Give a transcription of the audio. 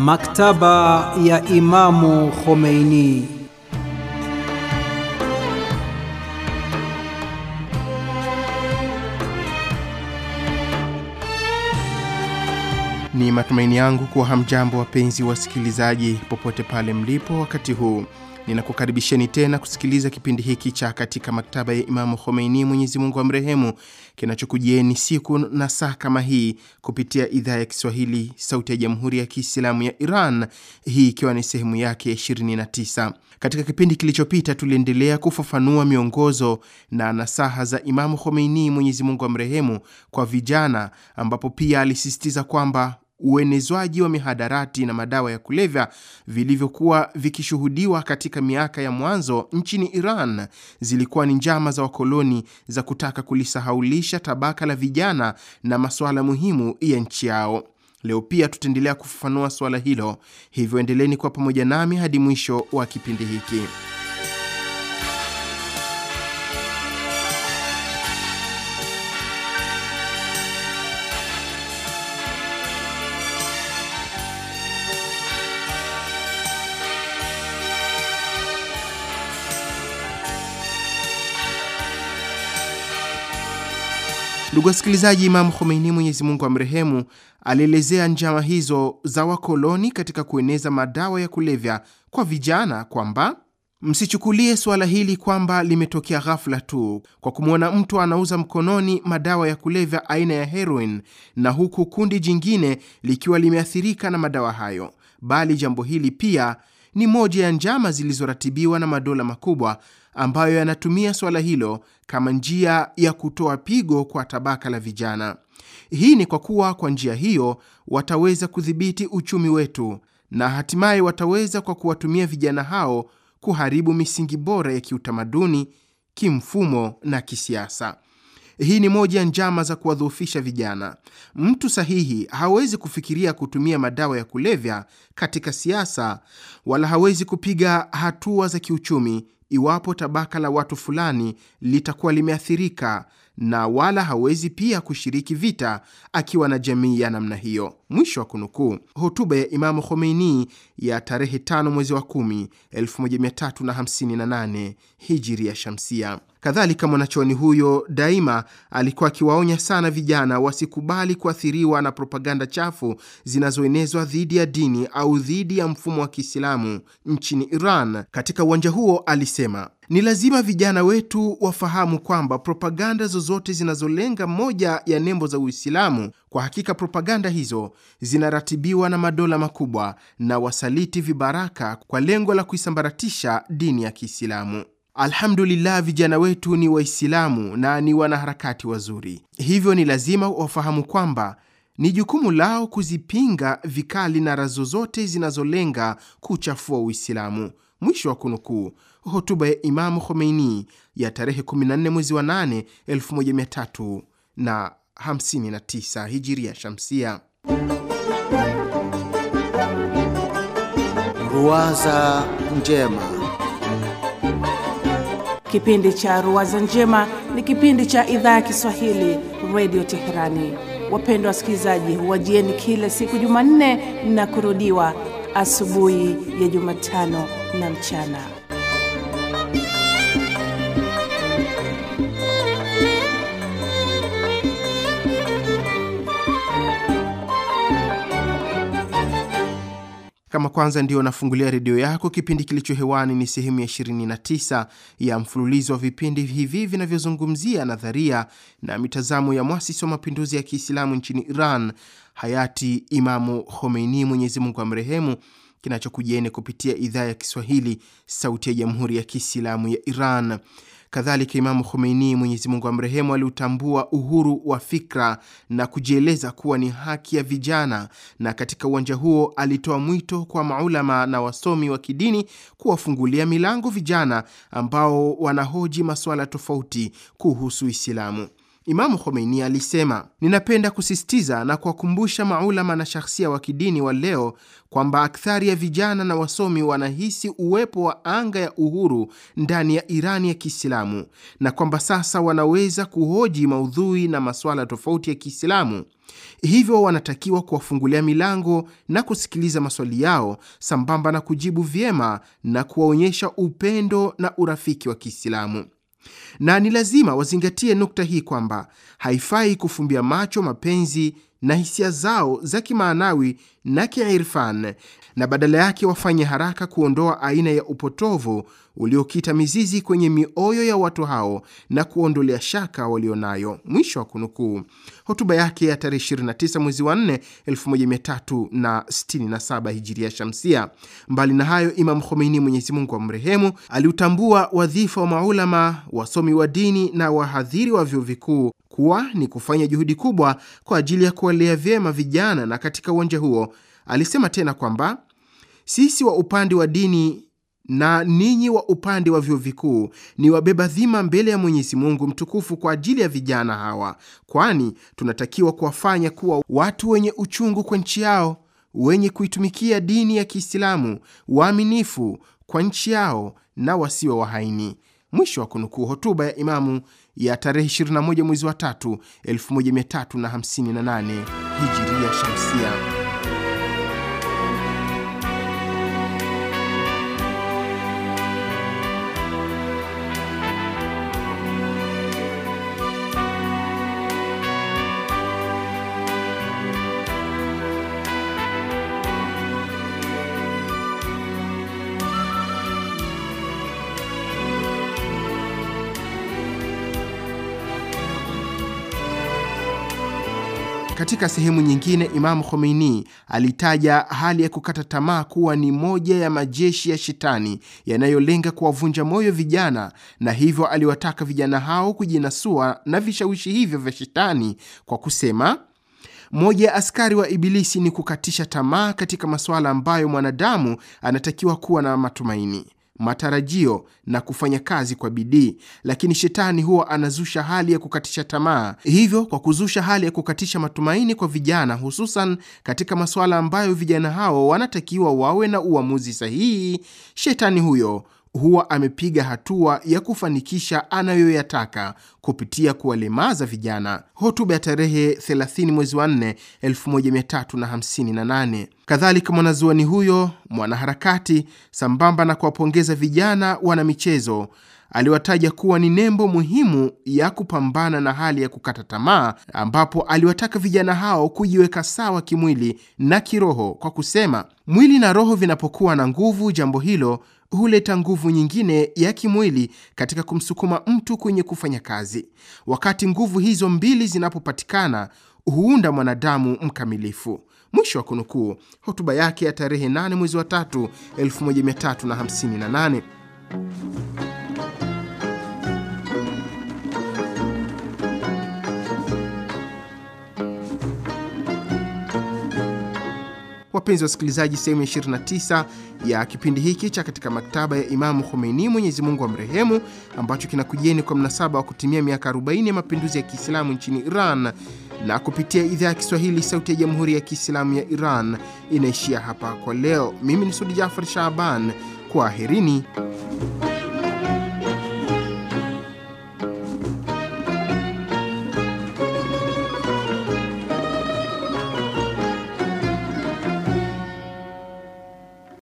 Maktaba ya Imamu Khomeini. Ni matumaini yangu kuwa hamjambo wapenzi wasikilizaji, popote pale mlipo wakati huu ninakukaribisheni tena kusikiliza kipindi hiki cha katika maktaba ya Imamu Khomeini, Mwenyezi Mungu amrehemu, kinachokujieni siku na saa kama hii kupitia idhaa ya Kiswahili, Sauti ya Jamhuri ya Kiislamu ya Iran, hii ikiwa ni sehemu yake ya 29. Katika kipindi kilichopita, tuliendelea kufafanua miongozo na nasaha za Imamu Khomeini, Mwenyezi Mungu amrehemu, kwa vijana, ambapo pia alisisitiza kwamba uenezwaji wa mihadarati na madawa ya kulevya vilivyokuwa vikishuhudiwa katika miaka ya mwanzo nchini Iran zilikuwa ni njama za wakoloni za kutaka kulisahaulisha tabaka la vijana na masuala muhimu ya nchi yao. Leo pia tutaendelea kufafanua suala hilo, hivyo endeleni kuwa pamoja nami hadi mwisho wa kipindi hiki. Ndugu wasikilizaji, Imamu Khomeini, Mwenyezi Mungu amrehemu, alielezea njama hizo za wakoloni katika kueneza madawa ya kulevya kwa vijana kwamba msichukulie suala hili kwamba limetokea ghafla tu kwa kumwona mtu anauza mkononi madawa ya kulevya aina ya heroin, na huku kundi jingine likiwa limeathirika na madawa hayo, bali jambo hili pia ni moja ya njama zilizoratibiwa na madola makubwa ambayo yanatumia swala hilo kama njia ya kutoa pigo kwa tabaka la vijana. Hii ni kwa kuwa kwa njia hiyo wataweza kudhibiti uchumi wetu na hatimaye wataweza kwa kuwatumia vijana hao kuharibu misingi bora ya kiutamaduni, kimfumo na kisiasa. Hii ni moja ya njama za kuwadhoofisha vijana. Mtu sahihi hawezi kufikiria kutumia madawa ya kulevya katika siasa, wala hawezi kupiga hatua za kiuchumi iwapo tabaka la watu fulani litakuwa limeathirika na wala hawezi pia kushiriki vita akiwa na jamii ya namna hiyo. Mwisho wa kunukuu. Hotuba ya Imamu Khomeini ya tarehe 5 mwezi wa 10 1358 hijiri ya shamsia. Kadhalika, mwanachuoni huyo daima alikuwa akiwaonya sana vijana wasikubali kuathiriwa na propaganda chafu zinazoenezwa dhidi ya dini au dhidi ya mfumo wa Kiislamu nchini Iran. Katika uwanja huo alisema: ni lazima vijana wetu wafahamu kwamba propaganda zozote zinazolenga moja ya nembo za Uislamu, kwa hakika propaganda hizo zinaratibiwa na madola makubwa na wasaliti vibaraka kwa lengo la kuisambaratisha dini ya Kiislamu. Alhamdulillah, vijana wetu ni Waislamu na ni wanaharakati wazuri, hivyo ni lazima wafahamu kwamba ni jukumu lao kuzipinga vikali nara zozote zinazolenga kuchafua Uislamu. Mwisho wa kunukuu hotuba ya Imamu Khomeini ya tarehe 14 mwezi wa 8 1359 hijiria shamsia. Ruwaza Njema. Kipindi cha Ruwaza Njema ni kipindi cha idhaa ya Kiswahili Radio Teherani. Wapendwa wasikilizaji, huwajieni kila siku Jumanne na kurudiwa asubuhi ya Jumatano na mchana Kama kwanza ndio unafungulia redio yako, kipindi kilicho hewani ni sehemu ya 29 ya mfululizo wa vipindi hivi vinavyozungumzia nadharia na mitazamo ya mwasisi wa mapinduzi ya Kiislamu nchini Iran, hayati Imamu Khomeini, Mwenyezi Mungu amrehemu, kinachokujieni kupitia idhaa ya Kiswahili, Sauti ya Jamhuri ya Kiislamu ya Iran. Kadhalika, Imamu Khomeini, Mwenyezi Mungu mrehemu aliutambua uhuru wa fikra na kujieleza kuwa ni haki ya vijana, na katika uwanja huo alitoa mwito kwa maulama na wasomi wa kidini kuwafungulia milango vijana ambao wanahoji masuala tofauti kuhusu Uislamu. Imamu Khomeini alisema, ninapenda kusisitiza na kuwakumbusha maulama na shahsia wa kidini wa leo kwamba akthari ya vijana na wasomi wanahisi uwepo wa anga ya uhuru ndani ya Irani ya Kiislamu na kwamba sasa wanaweza kuhoji maudhui na masuala tofauti ya Kiislamu. Hivyo wanatakiwa kuwafungulia milango na kusikiliza maswali yao sambamba na kujibu vyema na kuwaonyesha upendo na urafiki wa Kiislamu na ni lazima wazingatie nukta hii kwamba haifai kufumbia macho mapenzi na hisia zao za kimaanawi na kiirfan, na badala yake wafanye haraka kuondoa aina ya upotovu uliokita mizizi kwenye mioyo ya watu hao na kuondolea shaka walionayo. Mwisho wa kunukuu. Hotuba yake ya tarehe 29 mwezi wa 4 1367 hijiria shamsia. Mbali na hayo, Imam Khomeini, Mwenyezi Mungu amrehemu, aliutambua wadhifa wa maulama, wasomi wa dini na wahadhiri wa vyuo vikuu kuwa ni kufanya juhudi kubwa kwa ajili ya kuwalea vyema vijana, na katika uwanja huo alisema tena kwamba sisi wa upande wa dini na ninyi wa upande wa vyuo vikuu ni wabeba dhima mbele ya Mwenyezi Mungu mtukufu kwa ajili ya vijana hawa, kwani tunatakiwa kuwafanya kuwa watu wenye uchungu kwa nchi yao, wenye kuitumikia dini ya Kiislamu, waaminifu kwa nchi yao na wasiwe wahaini. Mwisho wa kunukuu hotuba ya Imamu ya tarehe 21 mwezi wa tatu 1358 hijiria shamsia. Katika sehemu nyingine, Imamu Khomeini alitaja hali ya kukata tamaa kuwa ni moja ya majeshi ya shetani yanayolenga kuwavunja moyo vijana, na hivyo aliwataka vijana hao kujinasua na vishawishi hivyo vya shetani kwa kusema moja ya askari wa Ibilisi ni kukatisha tamaa katika masuala ambayo mwanadamu anatakiwa kuwa na matumaini matarajio na kufanya kazi kwa bidii, lakini shetani huwa anazusha hali ya kukatisha tamaa. Hivyo, kwa kuzusha hali ya kukatisha matumaini kwa vijana, hususan katika masuala ambayo vijana hao wanatakiwa wawe na uamuzi sahihi, shetani huyo huwa amepiga hatua ya kufanikisha anayoyataka kupitia kuwalemaza vijana. Hotuba ya tarehe 30 mwezi wa 4 1358. Kadhalika, mwanazuoni huyo mwanaharakati, sambamba na kuwapongeza vijana wana michezo aliwataja kuwa ni nembo muhimu ya kupambana na hali ya kukata tamaa, ambapo aliwataka vijana hao kujiweka sawa kimwili na kiroho kwa kusema, mwili na roho vinapokuwa na nguvu, jambo hilo huleta nguvu nyingine ya kimwili katika kumsukuma mtu kwenye kufanya kazi. Wakati nguvu hizo mbili zinapopatikana, huunda mwanadamu mkamilifu. Mwisho wa kunukuu hotuba yake ya tarehe 8 mwezi wa 3 1358. Wapenzi wasikilizaji, sehemu ya 29 ya kipindi hiki cha katika maktaba ya Imamu Khomeini, Mwenyezi Mungu amrehemu, ambacho kinakujieni kwa mnasaba wa kutimia miaka 40 ya mapinduzi ya Kiislamu nchini Iran na kupitia idhaa ya Kiswahili Sauti ya Jamhuri ya Kiislamu ya Iran inaishia hapa kwa leo. Mimi ni Sudi Jafar Shaaban, kwaherini.